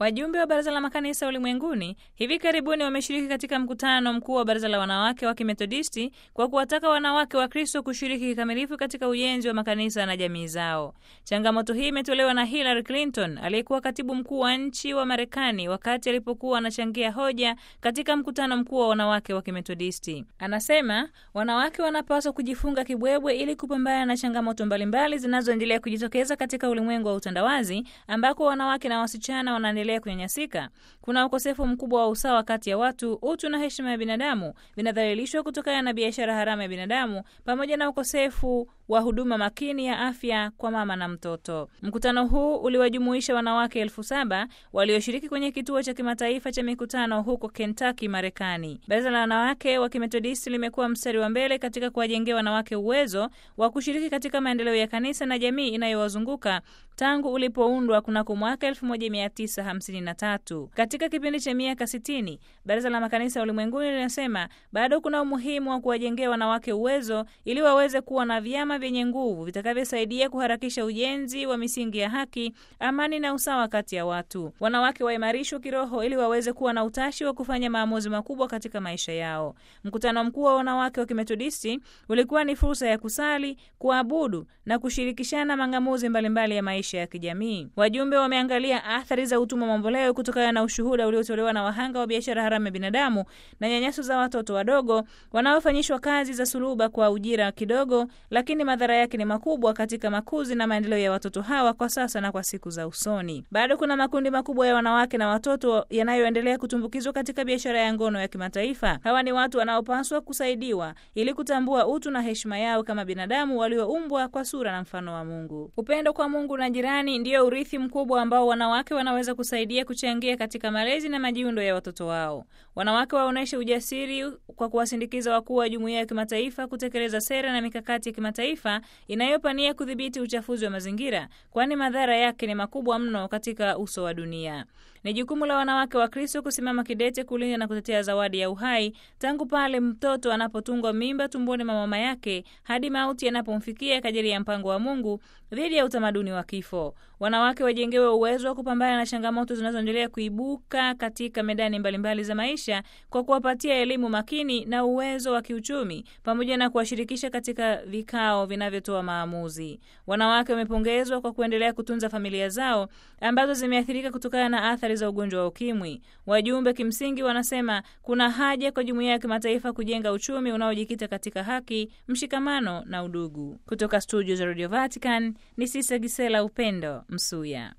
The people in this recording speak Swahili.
Wajumbe wa Baraza la Makanisa Ulimwenguni hivi karibuni wameshiriki katika mkutano mkuu wa Baraza la Wanawake wa Kimethodisti kwa kuwataka wanawake wa Kristo kushiriki kikamilifu katika ujenzi wa makanisa na jamii zao. Changamoto hii imetolewa na Hillary Clinton aliyekuwa katibu mkuu wa nchi wa Marekani wakati alipokuwa anachangia hoja katika mkutano mkuu wa wanawake wa Kimethodisti. Anasema wanawake wanapaswa kujifunga kibwebwe ili kupambana na changamoto mbalimbali zinazoendelea kujitokeza katika ulimwengu wa utandawazi ambako wanawake na wasichana wanaendelea kuendelea kunyanyasika, kuna ukosefu mkubwa wa usawa kati ya watu, utu na heshima ya binadamu vinadhalilishwa kutokana na biashara haramu ya binadamu pamoja na ukosefu wa huduma makini ya afya kwa mama na mtoto. Mkutano huu uliwajumuisha wanawake elfu saba walioshiriki kwenye kituo cha kimataifa cha mikutano huko Kentucky, Marekani. Baraza la wanawake wa Kimethodisti limekuwa mstari wa mbele katika kuwajengea wanawake uwezo wa kushiriki katika maendeleo ya kanisa na jamii inayowazunguka tangu ulipoundwa kunako mwaka 1953. Katika kipindi cha miaka 60, Baraza la Makanisa Ulimwenguni linasema bado kuna umuhimu wa kuwajengea wanawake uwezo ili waweze kuwa na vyama vyenye nguvu vitakavyosaidia kuharakisha ujenzi wa misingi ya haki, amani na usawa kati ya watu. Wanawake waimarishwe kiroho ili waweze kuwa na utashi wa kufanya maamuzi makubwa katika maisha yao. Mkutano mkuu wa wanawake wa Kimetodisti ulikuwa ni fursa ya kusali, kuabudu na kushirikishana mang'amuzi mbalimbali ya maisha ya kijamii. Wajumbe wameangalia athari za utumwa mamboleo kutokana na ushuhuda uliotolewa na wahanga wa biashara haramu ya binadamu na nyanyaso za watoto wadogo wanaofanyishwa kazi za suluba kwa ujira kidogo, lakini madhara yake ni makubwa katika makuzi na maendeleo ya watoto hawa kwa sasa na kwa siku za usoni. Bado kuna makundi makubwa ya wanawake na watoto yanayoendelea kutumbukizwa katika biashara ya ngono ya kimataifa. Hawa ni watu wanaopaswa kusaidiwa ili kutambua utu na heshima yao kama binadamu walioumbwa kwa sura na mfano wa Mungu. Upendo kwa Mungu na jirani ndiyo urithi mkubwa ambao wanawake wanaweza kusaidia kuchangia katika malezi na majiundo ya watoto wao. Wanawake waonyeshe ujasiri kwa kuwasindikiza wakuu wa jumuiya ya kimataifa kutekeleza sera na mikakati ya kimataifa kimataifa inayopa nia kudhibiti uchafuzi wa mazingira, kwani madhara yake ni makubwa mno katika uso wa dunia. Ni jukumu la wanawake wa Kristo kusimama kidete kulinda na kutetea zawadi ya uhai tangu pale mtoto anapotungwa mimba tumboni mwa mama yake hadi mauti yanapomfikia kadiri ya mpango wa Mungu dhidi ya utamaduni wa kifo. Wanawake wajengewe uwezo wa kupambana na changamoto zinazoendelea kuibuka katika medani mbalimbali mbali za maisha kwa kuwapatia elimu makini na uwezo wa kiuchumi pamoja na kuwashirikisha katika vikao vyao vinavyotoa maamuzi. Wanawake wamepongezwa kwa kuendelea kutunza familia zao ambazo zimeathirika kutokana na athari za ugonjwa wa ukimwi. Wajumbe kimsingi wanasema kuna haja kwa jumuiya ya kimataifa kujenga uchumi unaojikita katika haki, mshikamano na udugu. Kutoka studio za Radio Vatican ni Sisa Gisela Upendo Msuya.